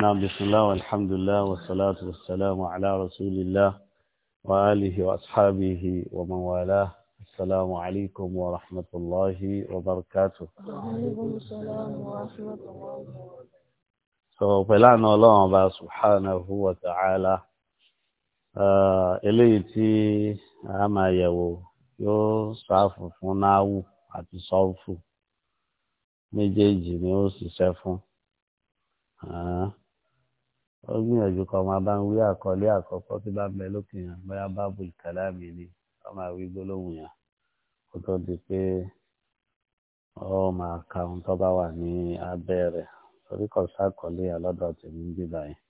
نعم بسم الله والحمد لله والصلاة والسلام على رسول الله وآله وأصحابه ومن والاه السلام عليكم ورحمة الله وبركاته وعليكم السلام ورحمة الله وبركاته so pẹ̀lú àna ọlọ́run ọba subhanahu wa ta'ala eléyìí tí a máa yẹ̀wò yóò ṣàfù fún náàwù àti sọ́ọ̀fù méjèèjì ni ó ṣiṣẹ́ fún ó gbìyànjú kọ́ máa bá ń wí àkọlé àkọ́kọ́ tó bá ń bẹ lókè yẹn bóyá bábùl kàlámì ni ó máa wí gbólóhùn yẹn kó tó di pé ó máa ka ohun tó bá wà ní abẹ́ torí kò sákọlé àlọ́dọ̀ tèmi ń bíbá yẹn.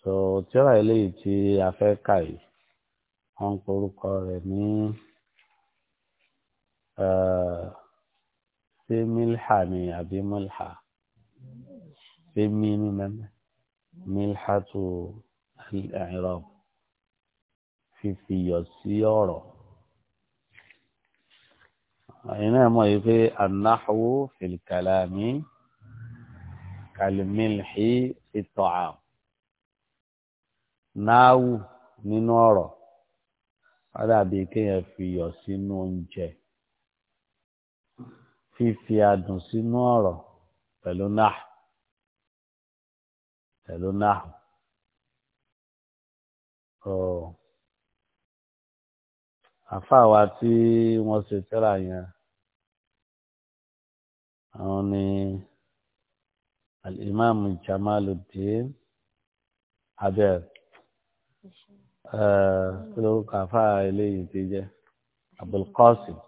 so tíra eléyìí tí a fẹ́ kà yìí wọ́n ń porúkọ rẹ̀ ní ṣé eh, mílíà ni àbí mílíà ṣé mí mílíọ̀tù ẹ̀rọ fífi yọ̀ sí ọ̀rọ̀ iná mọ̀ yìí pé anáhùwò fìlìkàlámì kàlímìlì ìtọ̀ àwọn náàwù nínú ọ̀rọ̀ dàbí kéèyàn fi iyọ̀ sínú oúnjẹ fífi adùn sínú ọ̀rọ̀ pẹ̀lú náà pẹ̀lú náà àfáàwá tí wọ́n ṣe tẹ́lá yẹn àwọn ni al-imam Jamaluddin abẹ́ kí ló kàfá eléyìí ti jẹ́ Abul Qasim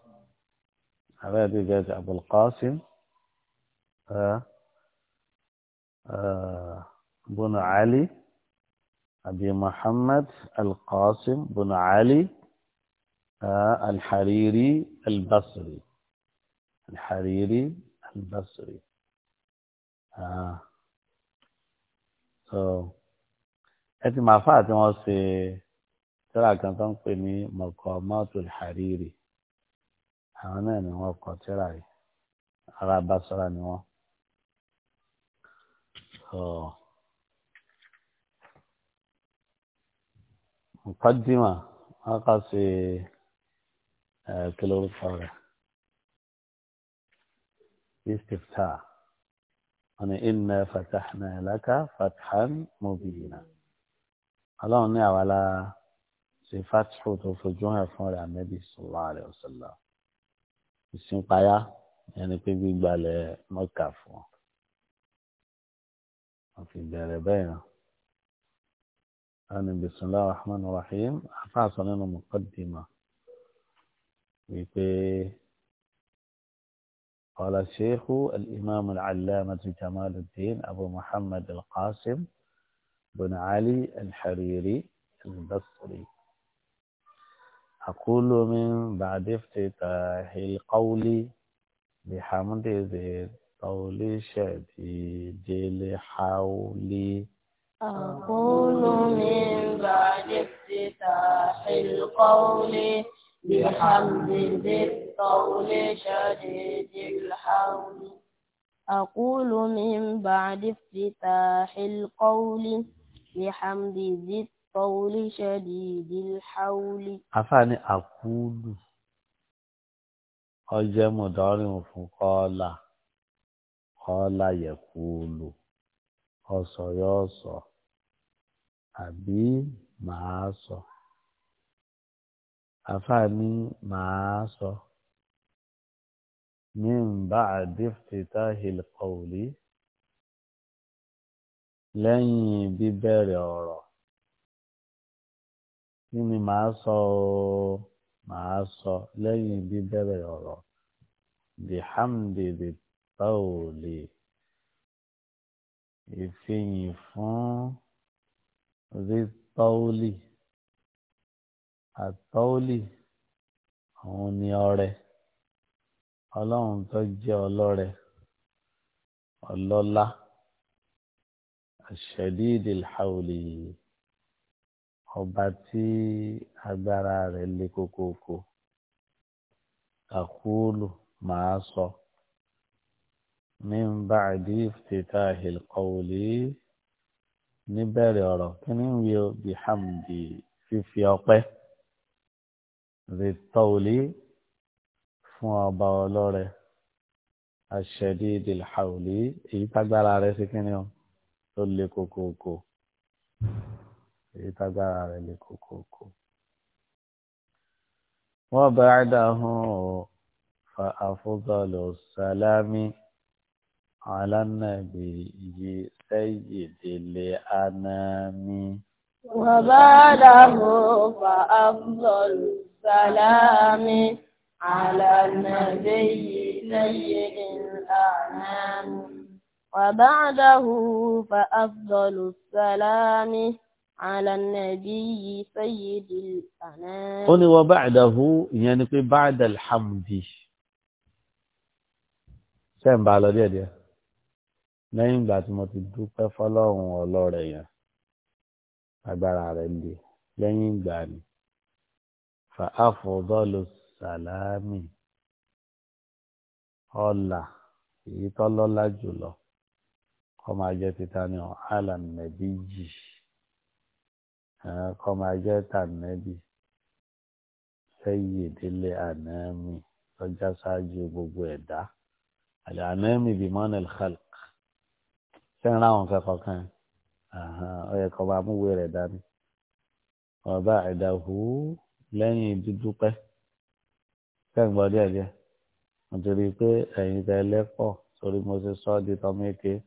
ti jẹ́ Abul Qasim. بن علي أبي محمد القاسم بن علي آه، الحريري البصري الحريري البصري آه. so أتي ما فات ما سي ترى كان تنقلني مقامات الحريري أنا نوقع ترى على بصرة نوقع so مقدمة أقص كيلو فارغ استفتاح أنا إنا فتحنا لك فتحا مبينا الله أني على صفات حوت وفجوها فور النبي صلى الله عليه وسلم ìsìn payá ẹni pé gbígbalẹ̀ في fún àmín بسم الله الرحمن الرحيم àfáà لنا مقدمة ويبي قال الشيخ الإمام العلامة جمال الدين أبو محمد القاسم بن علي الحريري البصري أقول من بعد افتتاح القول بحمد ذي الطول شديد حولي أقول من بعد افتتاح القول بحمد ذي الطول شديد الحول أقول من بعد افتتاح القول بحمد ذي الطول شديد الحول أفاني أقول ọjẹ́ mọ̀dọ́rin fún kọ́ọ́là kọ́ọ́là yẹ kúlù àbí màá sọ àfáà ní màá sọ ní nbà àdìftìtà hìlkọ̀ọ̀lì lẹ́yìn bíbẹ̀rẹ̀ ọ̀rọ̀ kí ni màá sọ ọ́ màá sọ lẹ́yìn bíbẹ̀rẹ̀ ọ̀rọ̀ bihamdi bitaoli ìfihìn fún. zitọ́ọ̀lì àtọ́ọ̀lì òun ni ọrẹ ọlọ́run tó jẹ́ ọlọ́rẹ ọlọ́lá àṣẹdíìdìl haúlì ọba tí agbára rẹ̀ le kókókó àkúlù màá sọ min ba'di iftitahil qawli níbẹ̀rẹ̀ ọ̀rọ̀ kíní ń wí bihamdi fífi ọpẹ́ rìtọ́ọ̀lì fún ọba ọlọ́rẹ aṣẹ́dídìl hàwùlì èyí tágbára rẹ̀ sí kíní o tó le kókókó èyí tágbára rẹ̀ le kókókó. wọ́n bá dáhùn fa afdalu salami. على النبي سيد الأنام وباله فأفضل السلام على النبي سيد الأنام وبعده فأفضل السلام على النبي سيد الأنام قل وبعده يعني بعد الحمد كم بعد اليد lẹ́yìn ìgbà tí mo ti dúpẹ́ fọlọ́run ọlọ́rẹ̀ yẹn agbára rẹ̀ le lẹ́yìn ìgbà ni fa afdalus sàlámì ọ̀là èyí tọ́lọ́lá jùlọ kọ́ máa jẹ́ títa ní ọ̀hálà nẹ́bí jì kọ́ máa jẹ́ tànẹ́bí sẹ́yìn ìdílé ànẹ́mì lọ́jà ṣáájú gbogbo ẹ̀dá àlẹ́ ànẹ́mì bíi mọ́nẹ́l khalq ṣé ń ráwọn kankan kan ọ yẹ kó máa múwèé rẹ̀ dání ọba ẹ̀dàhù lẹ́yìn dídúpẹ́ kẹ́ǹgbọ́n díẹ̀ díẹ̀ nítorí pé ẹ̀yin tẹ lẹ́pọ̀ sórí mo ṣe sọ́ di tọ́mẹ́kẹ́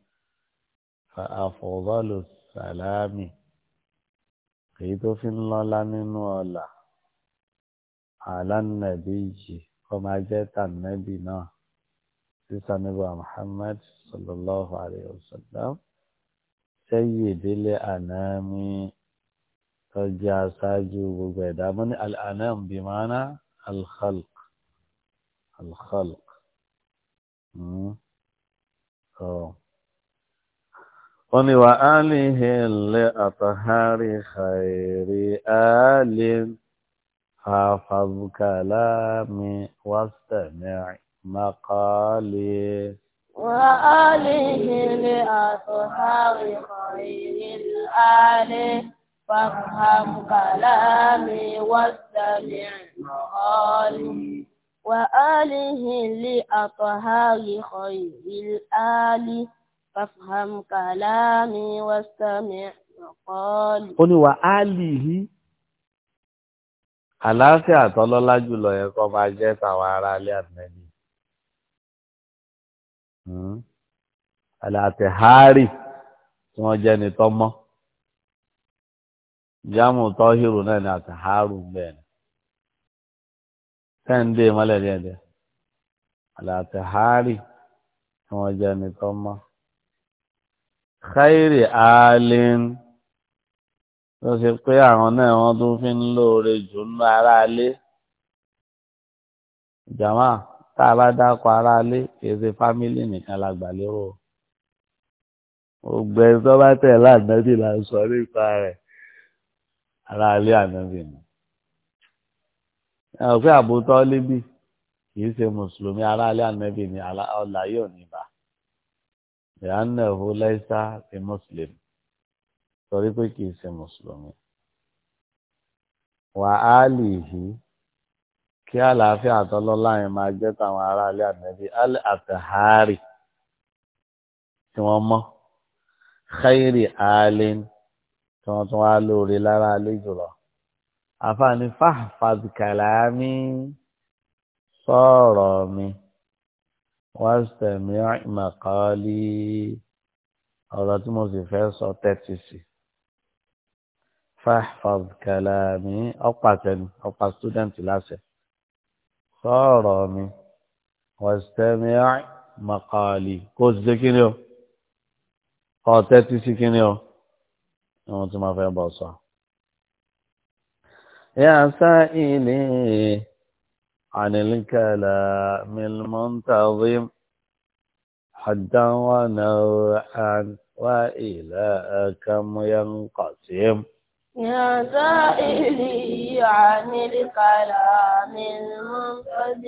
fa àfọ̀bọ́ọ̀lù sàlámì èyí tó fi ń lọ́lá nínú ọ̀la àlànà nàbí yìí kó máa jẹ́ tànàbí náà. títà níbà Muhammad sallallahu alayhi wa sallam sayyidil anami tọ́jú aṣáájú gbogbo ẹ̀dá mọ́ ní al-anam bí mánà al-khalq al-khalq wọ́n ní wà á lè hẹ́lẹ̀ àtàhárí khayri alin fàfàbùkàlámi wàstẹ̀mẹ́rin. مقالي وآله لأصحاب خير الآل فافهم كلامي واستمع مقالي وآله لأطهار خير الآل فافهم كلامي واستمع مقالي قل وآله àlàáfíà tọlọ́lá jùlọ yẹ kó máa jẹ́ tàwọn aráalé àtìmẹ́bí alàtẹ̀hárì hmm. tí wọ́n jẹ́ ni tọ́mọ́ jámù tọ́hírù náà ni àtẹ̀hárù bẹ́ẹ̀ ni tẹ́ǹdé mọ́lẹ̀ díẹ̀díẹ̀ alàtẹ̀hárì tí wọ́n jẹ́ ni tọ́mọ́ khairi alin tó ṣe pé àwọn náà wọ́n tún fi ń lóore jù nínú aráalé jàmáà tá a bá dákọ̀ aráalé kìí ṣe fámílì nìkan la gbà lérò ògbẹ́ tó bá tẹ̀ láàdánbì là ń sọ nípa rẹ̀ aráalé ànábì ni òfin àbótọ́ lébi kìí ṣe mùsùlùmí aráalé ànábì ni ọ̀làyé òníbà ìyáǹnà ìhó lẹ́sà ti mùsùlùmí torí pé kìí ṣe mùsùlùmí wàhálì yìí kí àlàáfíà àtọlọ́lá yẹn máa jẹ́ tàwọn aráalé ànábì al àtàhárì tí wọ́n mọ́ khairi alin tí wọ́n tún wá lóore lára alẹ́ jùlọ àfààní fahfad kàlámì sọ̀rọ̀ mi wọ́n sẹ̀mí màkàlí ọ̀rọ̀ tí mo sì fẹ́ sọ tẹ́tí sí fahfad kàlámì ọ̀pàṣẹ ọ̀pà stúdẹ̀ntì láṣẹ. صارمي واستمع مقالي كوز كينيو قاتتي سكينيو نموت ما فيها بصح يا سائلي عن الكلام المنتظم حدا ونوعا وإلى كم ينقسم يا سائلي عن الكلام المنقذ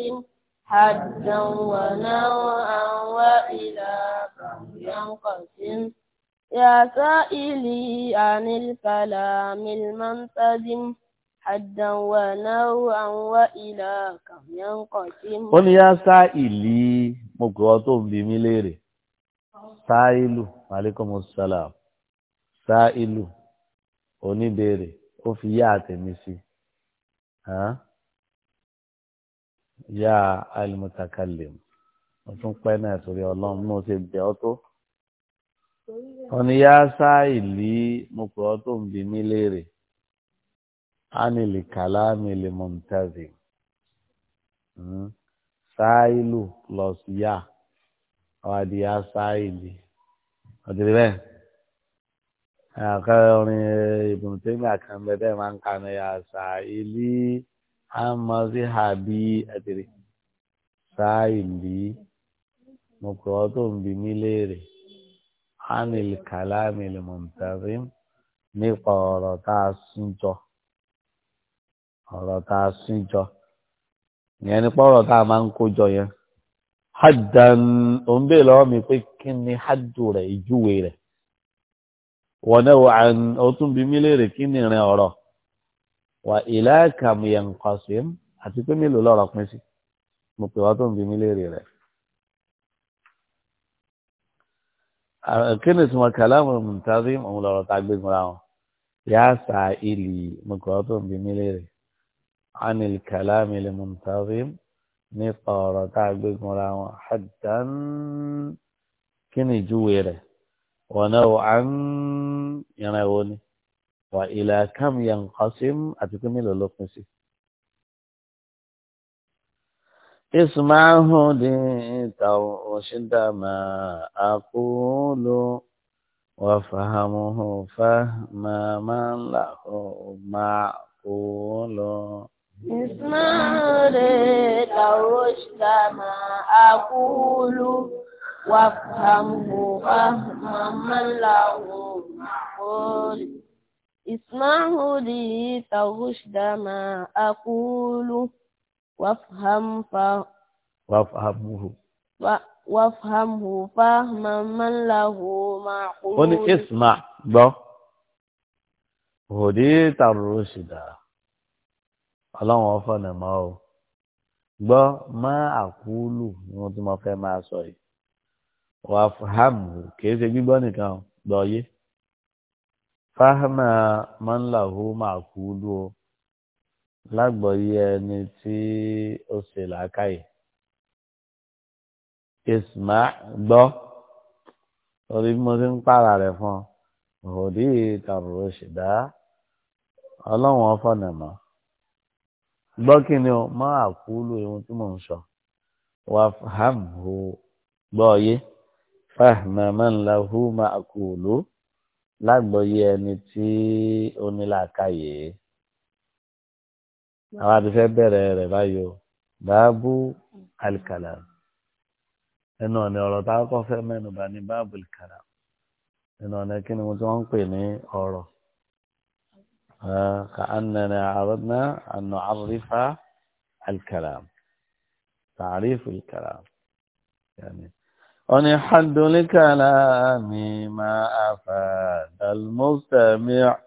حدا ونوعا وإلى ينقسم يا سائلي عن الكلام المنتظم حدا ونوعا وإلى كم ينقسم قل يا سائلي مقواتهم بمليري سائلو عليكم السلام سائلو oníbèrè ó fi yá àtẹ̀mí sí yá alimutakallim mo tún pẹ́ náà torí ọlọ́run mo ṣe bẹ̀ ọ́ tó wọ́n ní yá sáìlì mo pè ọ́ tó ń bi mí léèrè ánìlì kàlámì lè mọ̀ntàzì hmm? sáìlù plus yá ọ̀hádìí yá sáìlì ọ̀dìrí bẹ́ẹ̀. àkàrà orin ìbùn tèmi àkànbẹ̀dẹ̀ máa ń kànú ya sàìlì àmọ́sí bi mí léèrè anil kalamil muntarim nípa ọ̀rọ̀ tá a sún jọ ọ̀rọ̀ tá a sún jọ ìyẹn nípa ọ̀rọ̀ wọnà wàn ọtún bí mílíọnù kí ni ìrìn ọ̀rọ̀ wà ìlà kàmìyàn kọsìm àti pé mélòó lọ́rọ̀ pín sí mo pè wá tó ń bí mílíọnù rẹ. kí ni tí mo kàlá mo mú tá a gbé gunra wọn yà sa ìlì mo pè wá tó mílíọnù anil kàlá mi lè mú tàbí ọ̀rọ̀ tá a gbé gunra wọn hàdán kí ni ìjúwe wọnà àn ìrìn ẹ̀wọ̀ ni wà ilà kam yẹn kọ́sìm àti pé mélòó ló pín sí. اسمعه ديتا وشد ما أقول وفهمه فهم من له معقول اسمعه ديتا وشد ما أقول وافهمه فهما من له معقول اسمعه لي ترشد ما أقول وافهم ف وافهمه وافهمه فهما من له معقول قل اسمع بو هديت الرشد ọlọ́run ọ̀fọ̀nà máa ọ gbọ́ máa àkúlù ni wọ́n tún wà fàhámù kìí ṣe gbígbọ́ nìkan gbọ́yé fáhámà máa ń làwó máa kú lú o lágbọ̀ọ́yé ẹni tí ó ṣe làákàyè ìsìmá gbọ́ torí mo ti ń pààrà rẹ̀ fún ọ òdì ìtàbùrọ̀ ṣẹ̀dá ọlọ́run ọ̀fọ̀nà mọ́ gbọ́ kí ni o máa kú lú ohun tí mò ń sọ wà fàhámù gbọ́ yé fahma man lahu ma'qulu lágbọ̀yé ẹni tí ó ní làákàyè àwọn àti fẹ́ bẹ̀rẹ̀ rẹ̀ báyìí o báàbù al-kalam ẹnu ọ̀nà ọ̀rọ̀ tá a kọ́ fẹ́ mẹ́nu bá ní báàbù al-kalam ẹnu ọ̀nà kí ni mo ti wọ́n ń pè ní ọ̀rọ̀ ah, ka'annana aradna an nu'arrifa al-kalam ta'rif al-kalam yàní. أني حد لكلامي ما أفاد المستمع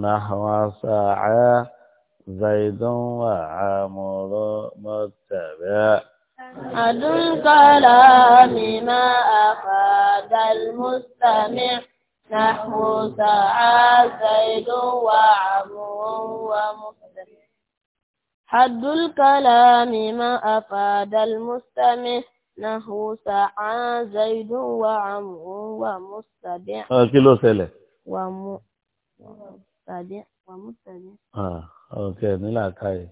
نحو ساعة زيد وعمر متبع حد الكلام ما أفاد المستمع نحو ساعة زيد وعمر ومتبع حد الكلام ما أفاد المستمع náhùn sàán zaidun wà amrun wà mùsàdé. kí ló ṣẹlẹ̀. wà mùsàdé. ọ̀kẹ́ nílà káyè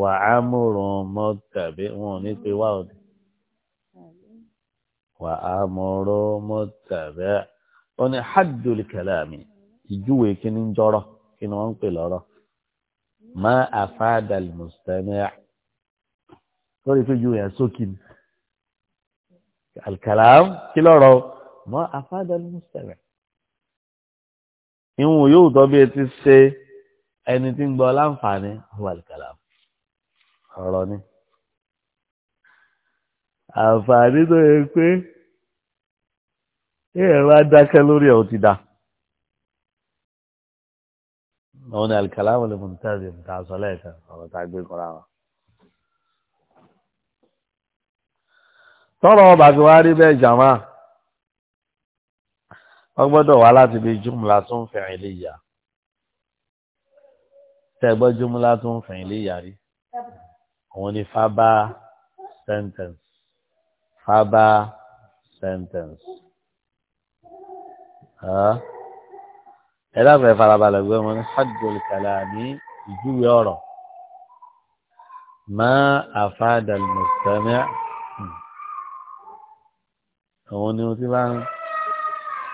wà amrun mọ́tàbí wọn ò ní pe wá òde. wà amrun mọ́tàbí wọn ni haddul kalami ìjúwe kí ni ń jọrọ kí ni wọ́n ń pè lọ́rọ̀ ma afada al mustami' lórí fíjú yẹn sókè ni alkalam kí lọ́rọ̀ mọ́ afádàlú mùsùlùmí. ìwọ̀n yóò tọ́ bí etí ṣe ẹni tí ń gbọ́ láǹfààní huwa alkalam ọ̀rọ̀ ni. àǹfààní tó yẹ pé èèyàn bá dákẹ́ lórí ẹ̀ ó ti dá. àwọn alkalam lè mú ní tẹ́lẹ̀ tí a sọ lẹ́ẹ̀kan ọ̀rọ̀ tá a gbé kọ́ra wọn. tọ́rọ ọba fi wá rí bẹ́ẹ̀ jàmá wọ́n gbọ́dọ̀ wá láti bí jùmùlá tó ń fẹ̀yìn lè yà tẹ́gbọ́ jùmùlá tó ń fẹ̀yìn lè yà rí òun ni fábá sentence fábá sentence ẹ dábàá ẹ farabalẹ̀ gbé wọn ní hajjul kalami ìjúwe ọ̀rọ̀ ma afada al òun ni ohun tí bá ń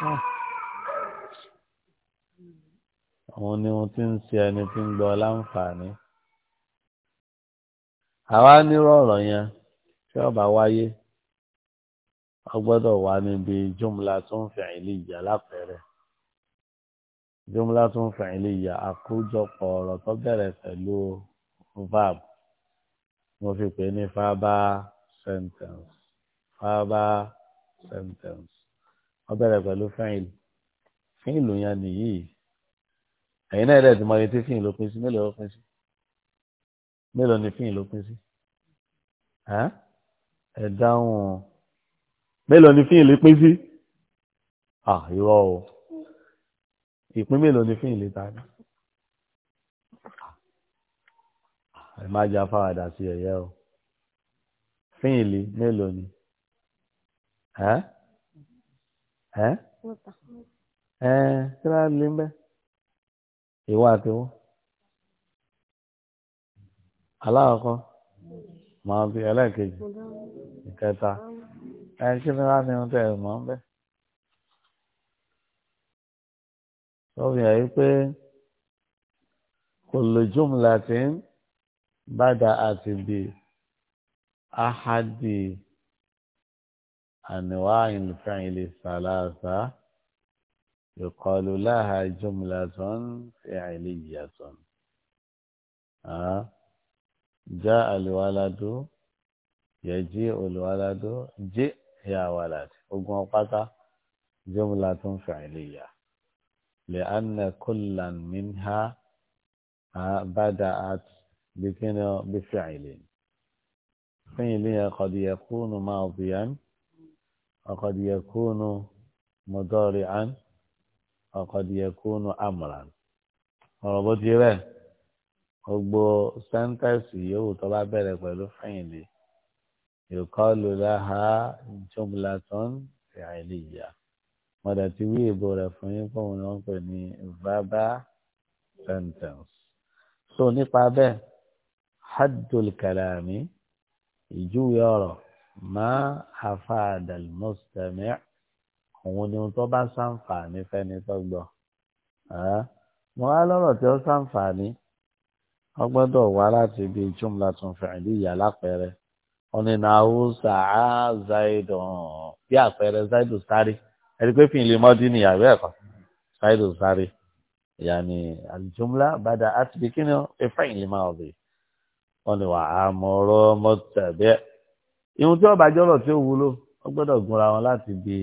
ah. òun ni ohun tí ń ṣe ẹni tí ń gbọ́ láǹfààní. àwa nírọ̀ ọ̀rọ̀ yẹn tí ọba wáyé ọgbọ́dọ̀ wà níbi jùmùlá tó ń fẹ̀ ilé ìyá lápẹẹrẹ jùmùlá tó ń fẹ̀ ilé ìyá àkójọpọ̀ ọ̀rọ̀ tó bẹ̀rẹ̀ pẹ̀lú verb mo fi pè ní fábà sentence fábà sentence wọ́n bẹ̀rẹ̀ pẹ̀lú fẹ́yìn fẹ́yìn ló yan nìyí ẹ̀yin náà ẹ̀rẹ́ ti mọ iye tí fẹ́yìn ló pín sí mélòó ló pín sí mélòó ni fẹ́yìn ló pín sí ẹ dáhùn mélòó ni fẹ́yìn ló pín sí irọ́ o ìpín mélòó ni fẹ́yìn ló ta ni ẹ má jẹ́ afáradà sí ẹ̀yẹ́ o fẹ́yìn lé mélòó ni ẹ ẹ ẹ kí ló lè ń bẹ ìwọ àti wọn aláàkọ màá bí ẹlẹ́ẹ̀kejì ìkẹta ẹ kí ni wàá ní ohun tẹ ẹ mọ̀ ń bẹ lọ́wọ́ yà yí pé kullu àti bíi ahadi. أنواع الفعل الثلاثة يقال لها جملة فعلية جاء الولد يجيء الولد جئ يا ولد وقوقتا جملة فعلية لأن كلا منها بدأت بفعل فعل قد يكون ماضيا وقد يكون مضارعا وقد يكون امرا ọ̀rọ̀ bó ti rẹ̀ gbogbo sẹ́ńtẹ́sì yòówù tó bá bẹ̀rẹ̀ pẹ̀lú fẹ̀yìndì ìkọlù láha jumlatun fi'liya mo dẹ̀ ti wí ìbò rẹ̀ fún yín fóun ni wọ́n pè ní verbal sentence so nípa bẹ́ẹ̀ haddul kalami ìjúwe ọ̀rọ̀ máa àfàdà mọ́sítẹ́mì òun ni ohun tó bá ṣàǹfààní fẹ́ni tó gbọ́ mo wá lọ́rọ̀ tí ó ṣàǹfààní wọ́n gbọ́dọ̀ wá láti ibi jùmlá tún fìdí ìyá lápẹẹrẹ wọn ni nàáwó sàá zaidon bí àpẹẹrẹ zaidu sáré ẹni pé fìlì mọ́dí ni ìyàwó ẹ̀kọ́ zaidu sáré ìyá ni bàdà àti bí kíni ìfẹ́ ìlímọ̀ ọ̀bẹ wọn ni wàá mọ̀ọ́rọ́ mọ́tẹ̀bẹ́ẹ̀ ìhun tí ọba jọrọ tí ó wúlò ó gbọ́dọ̀ gúnra wọn láti bi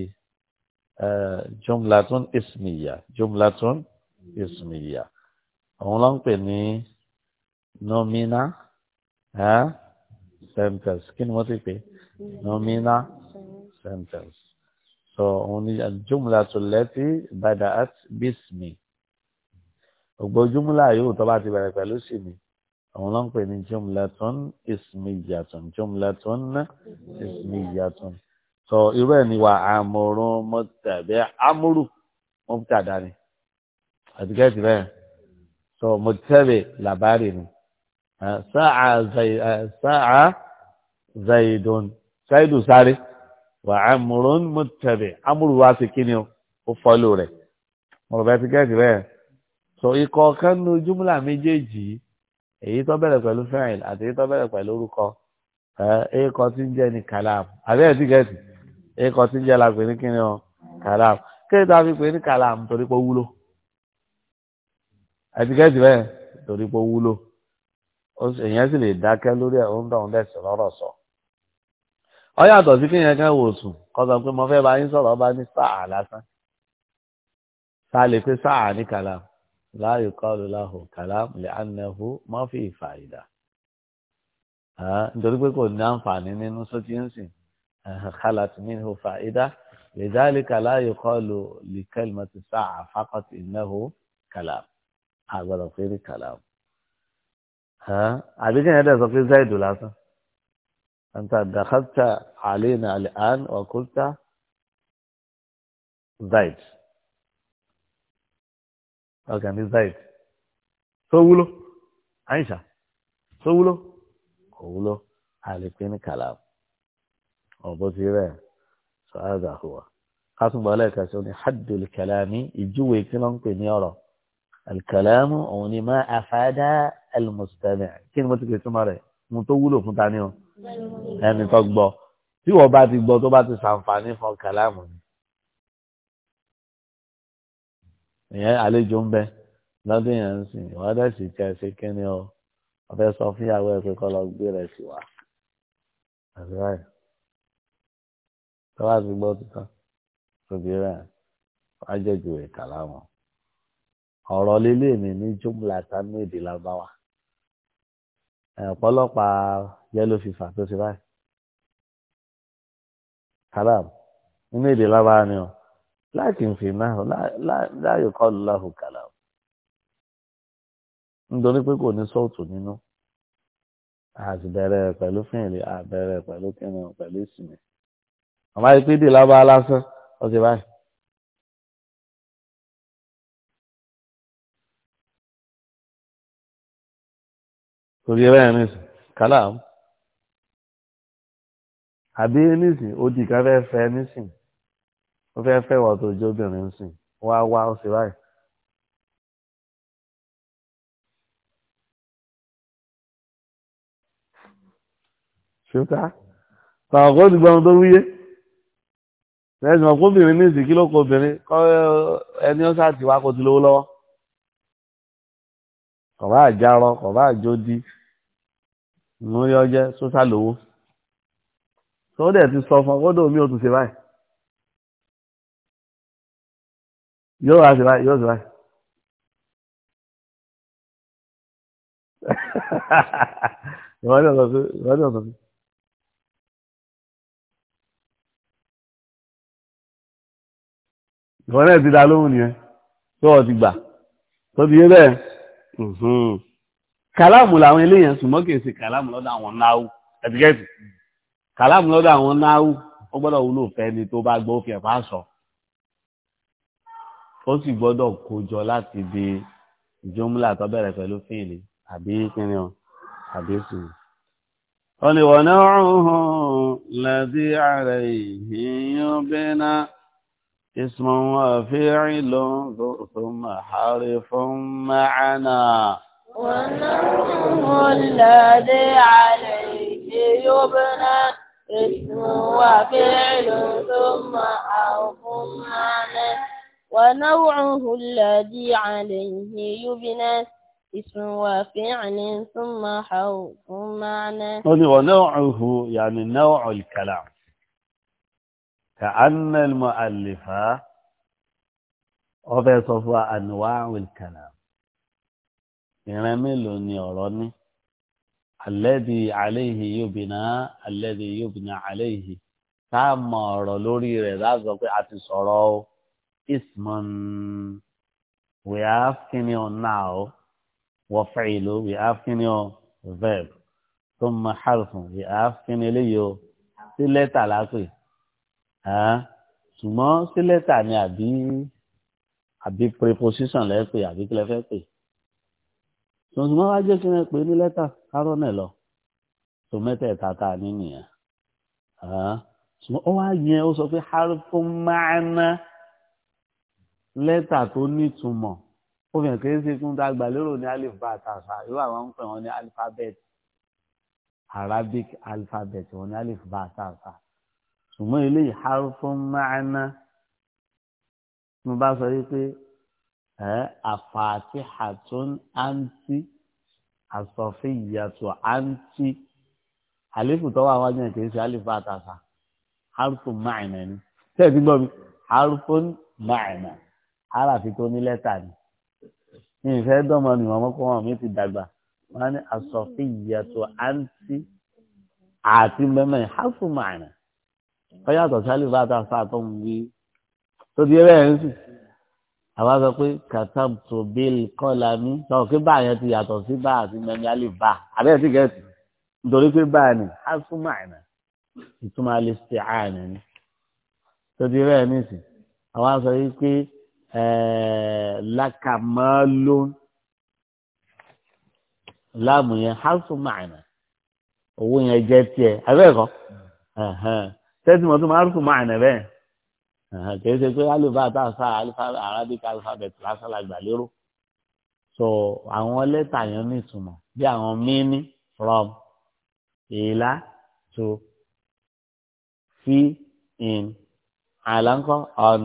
jumlatun ismiya jumlatun ismiya òun ló ń pè ní nomina centers, kí ni wọ́n ti pè nomina centers. so òun ni jumlatun lati bada'at bismi ògbó jumla yóò tó bá ti bẹ̀rẹ̀ pẹ̀lú sí mi àwọn náà ń pè ní jumlatun ismiyatun jumlatun ismiyatun sọ irú ẹ̀ ní wa amrun mọ́tàbẹ́ amúrù mọ́tàdá ni àtìkẹ́tì bẹ́ẹ̀ sọ mọ́tàbẹ́ làbárì ni sáà zaidun saidu sáré wa amrun mọ́tàbẹ́ amúrù wa ti kí ni ó fọ́lù rẹ̀ mọ̀rọ̀ bẹ́ẹ̀ ti kẹ́tì bẹ́ẹ̀ sọ ikọ̀ kan nu jumla méjèèjì èyí tó bẹ̀rẹ̀ pẹ̀lú fẹ́rìn àti èyí tó bẹ̀rẹ̀ pẹ̀lú orúkọ ẹ̀ẹ́kọ tí ń jẹ́ ni kalam àbí ẹ̀ tíkẹ́ẹ̀tì ẹ̀ẹ́kọ tí ń jẹ́ la pè ní kíni o kalam kéde tó a fi pè ní kalam torí pé ó wúlò ẹ̀ tíkẹ́ẹ̀tì bẹ́ẹ̀ torí pé ó wúlò èèyàn sì lè dákẹ́ lórí ẹ̀ ó ń dẹ̀sẹ̀ lọ́rọ̀ sọ. ọ yàtọ̀ sí kíyẹn kan wò sùn kọ́ sọ pé mo fẹ́ bá yín sọ̀rọ̀ bá ní sáà lásán sáà lè pé sáà ní kalam لا يقال له كلام لأنه ما فيه فائدة ها pé kò ní àǹfààní nínú خلت منه فائدة لذلك لا يقال لكلمة ساعة فقط إنه كلام هذا كلام àbí kí كلام ها ki ni هذا so زيد ولا أنت دخلت علينا الآن وقلت زيد ọkàn ní zaid tó wúlò aisha tó wúlò kò wúlò àlèpé ní kàlàm ọ̀bọ ti rẹ̀ sọ àgbà hùwà kásùnbọ̀ lẹ́ẹ̀ka sí ní haddu kàlámi ìjúwe kí ló ń pè ní ọ̀rọ̀ alkàlámù òun ni máa àfádà almustami kí ni mo ti pè túmọ̀ rẹ̀ mo tó wúlò fún tani o ẹni tó gbọ́ tí wọ́n bá ti gbọ́ tó bá ti sàǹfààní fún kàlámù ni. ìyẹn àlejò ń bẹ lọ́dún yẹn ń sìn ìwọ́n dẹ̀ sì tẹ̀ ṣe kí ni o wọ́n fẹ́ sọ fún ìyàwó ẹ̀ pé kọ́ lọ gbé rẹ̀ sí wa. àdúrà yìí tọ́wọ́ àti gbọ́ tuntun tóbi rẹ̀ ajẹ́jú ìka láwọn. ọ̀rọ̀ lílé mi ní jùmùlà tánú èdè lábáwá. ọ̀pọ̀lọpàá yẹ́lò fífà tó ti báyìí. kálá nínú èdè lábáwá ni o. لكن فيما لا لا لا يقال له كلام nítorí pé kò ní sọ́ọ̀tù nínú àti bẹ̀rẹ̀ rẹ̀ pẹ̀lú fìrìlì àbẹ̀rẹ̀ rẹ̀ pẹ̀lú kẹ́nà pẹ̀lú ìsinmi àmọ́ ìpín dì lábá lásán ọ̀sẹ̀ báyìí. torí ẹ bẹ́ẹ̀ nísìn kálá àbí nísìn ó di ká fẹ́ fẹ́ nísìn ó fẹ́ fẹ́ wọ́n tó jóbìnrin ń sìn wá wá ó sì báyìí. ṣùkà tàwọn kò ní gbọ́n tó wúyé lẹ́sìn ọkùnrin ní ìsìnkí ló kọ obìnrin kọ́ ẹni ó sáà ti wá kó ti lówó lọ́wọ́ kọ̀bá àjárọ kọ̀bá àjódi ní ó yọ jẹ́ sósàlówó ti sọ fún ọgọ́dọ̀ mi ò tún ṣe báyìí. yóò wá sí báyìí yóò sí báyìí. ìwádìí ọ̀sán sí ìwádìí ọ̀sán sí. ìwọ náà ti dá lóhùn nìyẹn tó o ti gbà tó ti yé bẹ́ẹ̀ mm-hmm. kàlámù làwọn eléyàn ṣùgbọ́n kì í ṣe kàlámù lọ́dọ̀ àwọn náwó ẹ̀dígẹ́tì kàlámù lọ́dọ̀ àwọn náwó ó gbọ́dọ̀ wúlò fẹ́ ni tó bá gbọ́ òfin ẹ̀fà sọ ó sì gbọ́dọ̀ kójọ láti di jumla tó bẹ̀rẹ̀ pẹ̀lú fíìlì àbí kíni o àbí sùn. ó ní wọ̀nà ọ̀hún lẹ́dí ààrẹ ìhìyàn bẹ́ẹ̀nà ismun wa fi'lun thumma harfun ma'ana. wọ̀nà ọ̀hún lẹ́dí ààrẹ ìhìyàn bẹ́ẹ̀nà ismun wa fi'lun thumma harfun ma'ana. ونوعه الذي عليه يبنى اسم وفعل ثم حرف معنى ونوعه يعني نوع الكلام كأن المؤلف ọbẹ̀ sọ fún àníwá wìlkàlà ìran mélòó ni ọ̀rọ̀ ní alẹ́dì aléhì yóbìnà alẹ́dì yóbìnà aléhì tá a mọ ọ̀rọ̀ lórí rẹ̀ láti sọ pé a ti sọ̀rọ̀ o isman we asking you now وفعل we asking you verb ثم حرف we asking kinio leyo sí lẹ́tà lápè ṣùgbọ́n sí lẹ́tà ni àbí àbí preposition lẹ́pè àbí kílẹ̀ fẹ́ pè ṣùgbọ́n wá jẹ́ kí n pè ní lẹ́tà kárọ̀ náà lọ tó mẹ́tẹ̀ẹ̀ta tá a ní nìyẹn ṣùgbọ́n ó wá lẹ́tà tó nítumọ̀ ó fi hàn kí ṣe tún dàgbà lérò ní alif àtàṣà irú àwọn ń pè wọn ní alifábẹ́ẹ̀tì arabic alifábẹ́ẹ̀tì wọn ní alif bá àtàṣà ṣùgbọ́n eléyìí harfun ma'ana mo bá sọ yìí pé ẹ àfààtì hatun àǹtí àsọfí ìyàtọ̀ àǹtí àlífù tó wà wájú ẹ̀ kì í ṣe alif àtàṣà harfun ma'ana ni tẹ́ẹ̀ ti gbọ́ mi harfun ma'ana aráàfin tó ní lẹ́tà ni ìfẹ́ dọ́mọ mi wọ́n mọ́kọ́ wọn mi ti dàgbà wọ́n ní àsọ̀fí ìyàtọ̀ àǹtí àti mẹ́mẹ́ hásùmáàna wọ́n yàtọ̀ sálì bá ta sáà tó ń wí tó di ẹ̀rẹ́ ń sì àwa sọ pé katab tó bẹ́ẹ̀lì kọ́lá mi lọ́wọ́ pé báà yẹn ti yàtọ̀ sí báà àti mẹ́mẹ́ alẹ́ bá àbẹ́ ti gẹ̀ẹ́sì nítorí pé báà ni hásùmáàna ìtumọ̀ alẹ́ sí àná ni tó di ẹ̀rẹ́ ń sì àwa sọ yìí pé. Eh, lakamalo láàmù yẹn hásù màánà owó yẹn jẹ tiẹ abẹ́ẹ̀kọ́ tẹ́tí mọ́tò máa hásù màánà bẹ́ẹ̀ kì í ṣe pé alifa tá a sá alifa arabic alphabet lásán la so àwọn lẹ́tà yẹn ní ìtumọ̀ bí àwọn mini from ìlà to fi in àlàńkọ́ on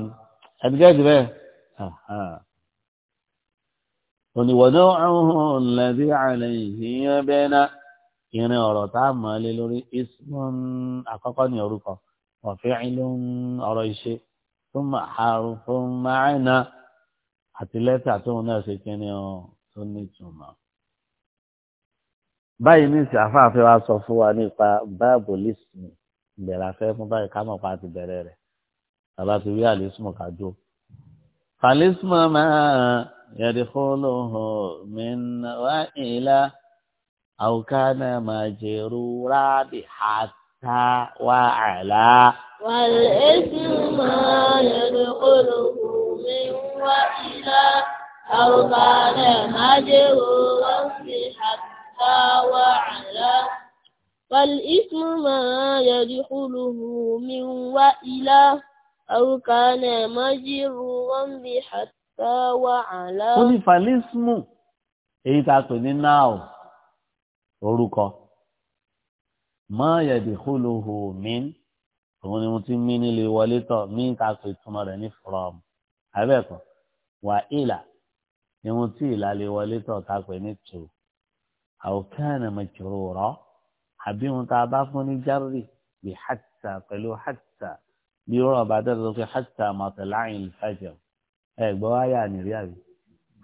ẹ̀dígẹ́dì bẹ́ẹ̀. òní wọ́dọ̀ ọ̀hún lẹ́bí àlẹ́ ìhìyàn bẹ́ẹ̀ náà irin ọ̀rọ̀ tá a mọ̀ lé lórí ismun àkọ́kọ́ ní orúkọ ọ̀fíìlún ọ̀rọ̀ iṣẹ́ tó ọrụ harfun àti lẹ́tà tó náà ṣe kíni ọ tó ní báyìí ní ìsìn afáàfẹ́ wa sọ fún wa nípa báàbò lísìn ìbẹ̀rẹ̀ afẹ́ fún báyìí ká mọ̀ pa bẹ̀rẹ̀ rẹ̀ ti فالاسم ما يدخله من وإلى أو كان مجرورا بحتى وعلى والاسم ما يدخله من وإلى أو كان مجرورا بحتى وعلى والاسم ما يدخله من وإلى أو كان مجرورا بحتى وعلى ó ní fàlísmù èyí tá a pè ní náà orúkọ máa yẹ̀dì kúlóhù mí òun ni mo ti mí nílé wọlé tọ̀ mí tá a pè túmọ̀ rẹ̀ ní from abẹ́ẹ̀kọ́ wà ìlà ni mo tí ìlà lè wọlé tọ̀ tá a pè ní tù àwòkàn mẹjọrọ àbí wọn tá a bá fún ní járì bí hàtà pẹ̀lú hàtà bí ó ràn bá dẹ́rẹ́ lókè hàtà màtàláyìn fàjẹr ẹ gbọ́ wáyà nìrí àbí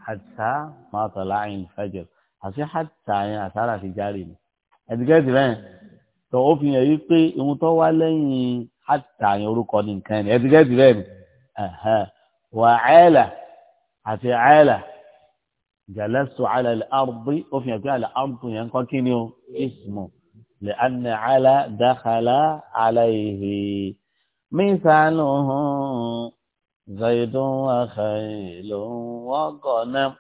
hàtà màtàláyìn fàjẹr àti hàtà yẹn àtàrà fi járe ni ẹ̀dígẹ́tì rẹ̀ tó ó fi hàn yí pé ohun tó wá lẹ́yìn hàtà yẹn orúkọ ní nǹkan ni ẹ̀dígẹ́tì rẹ̀ ni wà áyẹ̀là àti áyẹ̀là jalastu ala al-ardi fi hàn pé àlẹ́ ardi yẹn kọ́ kí ni o ismu lẹ́ẹ̀nà àlà dákàlà àlàyé. مثاله زيد وخيل وغنم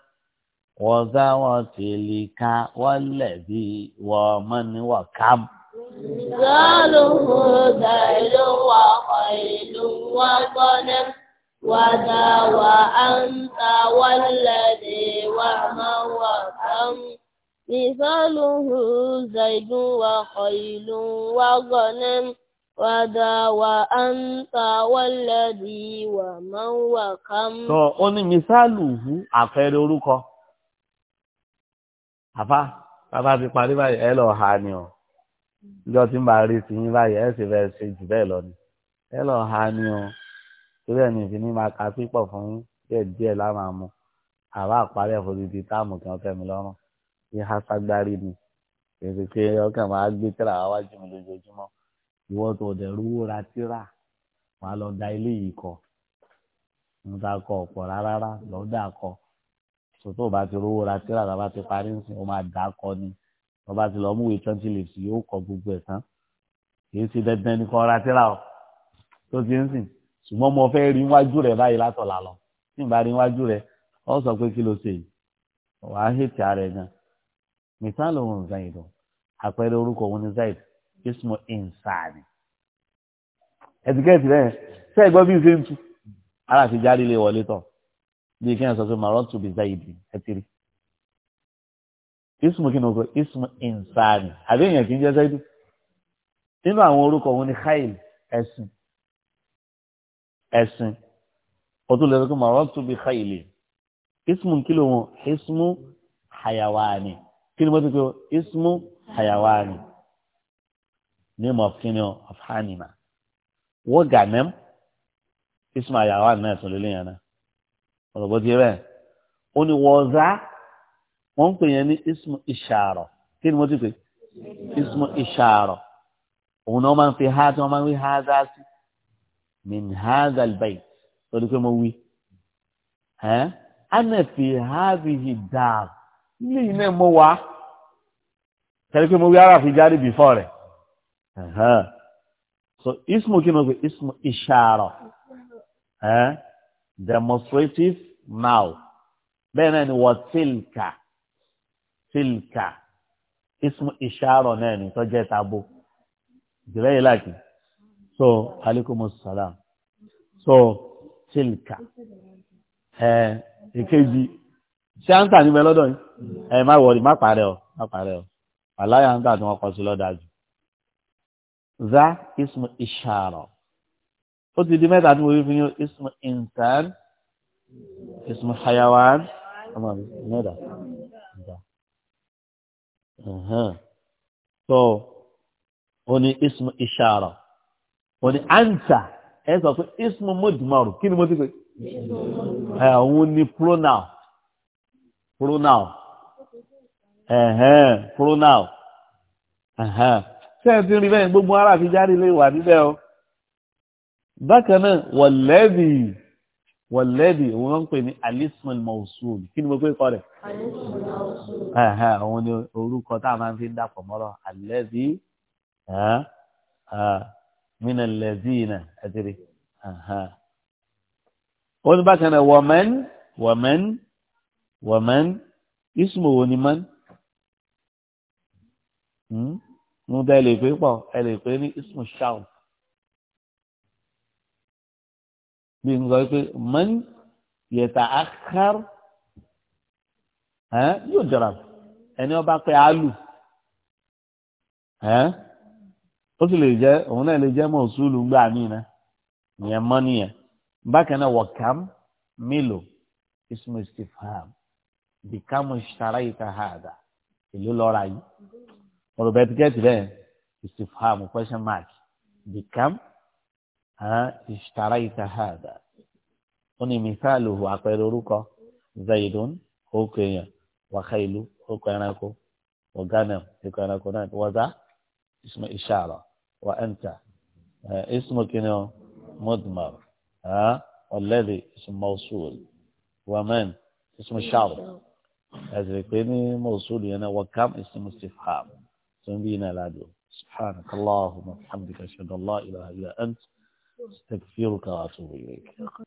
وزوات لك والذي ومن وكم مثاله زيد وخيل وغنم وذا وأنت والذي ومن وكم مثاله زيد وخيل وغنم wàdà wà á ń ta wọ́lẹ̀dì wà máa ń wà ká ń. tọ́ ó ní mísáàlù wú àfẹ́rẹ orúkọ àfá bàbá ti parí báyìí ẹ lọ ha ni ọ ìjọ tí ń bá rí ti yín báyìí ẹ sì fẹ́ ṣe jù bẹ́ẹ̀ lọ ni ẹ lọ ha ni ọ torí ẹni ìfi ní máa ka pípọ̀ fún yín díẹ̀ díẹ̀ láwọn àmú àbá àparí ẹ̀fọ́ dídí táàmù kí wọ́n fẹ́ lọ́rùn bí háságbárí ni èsì ọkàn máa gbé tẹ́lẹ̀ àwájú mi lójoojúmọ́ ìwọ tó dẹ̀ rówó ra tíra wàá lọ da ilé yìí kọ ń ta kọ ọ̀pọ̀ rárá lọ́ọ́ dà kọ sòtò bá ti rówó ra tíra tàbá ti parí ń sìn ó máa dà kọ ni tọ́ba ti lọ́ọ́ múwèé twenty leaves yóò kọ gbogbo ẹ̀ tán kì í ṣe dandan ní kọ́ ra tíra o tó ti ń sìn ṣùgbọ́n mo fẹ́ rí wájú rẹ̀ báyìí látọ̀là lọ tí n bá rí wájú rẹ̀ ọ sọ pé kí ló ṣe wàá hìtì ara ẹ̀ gan mìtán lòun ò zayid o àpẹẹrẹ orúkọ òun ni zayid ismu insaani ẹtikẹ́ẹ̀tì lẹ́yìn ṣé ẹ̀gbọ́n bí n ṣe ń tu ara ti jáde lè wọlé tọ̀ bí kí n sọ pé màrọ́ tù bí zayidi ẹ ti rí ismu kí ni o kọ ismu insaani àbí èèyàn kì í jẹ́ zayidi nínú àwọn orúkọ òun ni khail ẹ̀sìn ẹ̀sìn o tún lè sọ pé màrọ́ tù bí khail ismu kí ló wọn ismu hayawaani kí ni mo ti kọ ismu hayawaani name of kini o of hanima wọ́n gà nẹ́m isma yàrá náà sọ lélẹ́ yẹn náà ọ̀rọ̀ bó ti rẹ̀ ó ní wọ́ọ̀zá wọ́n ń pè yẹn ní ismu ìṣàrọ̀ kí ni mo ti pè ismu ìṣàrọ̀ òun náà máa ń fi ha tí wọ́n máa ń wí ha dá sí min haza albayt lórí pé mo wí ẹ́ ana fi hazihi dáa ilé yìí náà mo wá kẹ́lí pé mo wí ara fi jáde bìfọ́ rẹ̀. So ismu kí ismu demonstrative now bẹ́ẹ̀ tilka tilka ismu ishara náà ni tó tabo so aleykum so tilka tà níbẹ̀ lọ́dọ̀ yìí ẹ má wọrí má parẹ́ ọ má ọ àláyà ń tà tí wọ́n sí za ismu ishara ó ti di mẹ́ta tí mo rí fún yín ismu insan ismu hayawan ọmọ mi mẹ́ta so ó ní ismu ishara ó ní anta ẹ sọ pé ismu mudmaru kí ni mo ti pè é òun ni pronoun pronoun pronoun tẹ́ẹ̀tì rí bẹ́ẹ̀ gbogbo ara fi jáde lè wà níbẹ̀ o bákan náà wọ̀lẹ́bì wọ̀lẹ́bì wọ́n ń pè ní alisman mausul kí ni mo pé kọ́ rẹ̀ òun ni orúkọ tá a máa fi ń dàpọ̀ mọ́rọ̀ alẹ́bì mina lẹ́bìnà ẹ̀tìrì ó ní bákan náà wọ̀mẹ́n wọ̀mẹ́n wọ̀mẹ́n ismu wo ni mọ́n. Hmm? mo bẹ lè pé pọ̀ ẹ lè pé ní ismu shaun bí n sọ pé man yẹta akar ẹ yóò jọra ẹni ọba pé alu ẹ ó sì lè jẹ òun náà lè jẹ mọ òṣùlù gbà mí na ìyẹn mọ nìyẹn bákan náà wọkàm mélòó ismu istifham bìkàmù ìṣàrà yìí ká hàdà ìlú lọ́ra yìí. ọ̀rọ̀ bẹ́ẹ̀ ti gẹ́tì bẹ́ẹ̀ istifham question mark bikam ishtaraita hada ó ní mithaluhu àpẹẹrẹ orúkọ zaidun ókò èèyàn wàkàìlú ókò ẹranko wàgánàm ókò ẹranko náà wàzá ismu ishara wa anta Isma kinu mudmar ọ̀lẹ́dì ismu mawsul ومن اسم الشعب هذا يكون موصول هنا وكم اسم استفهام تنبينا العدو سبحانك اللهم وبحمدك أشهد أن لا إله إلا أنت استغفرك وأتوب إليك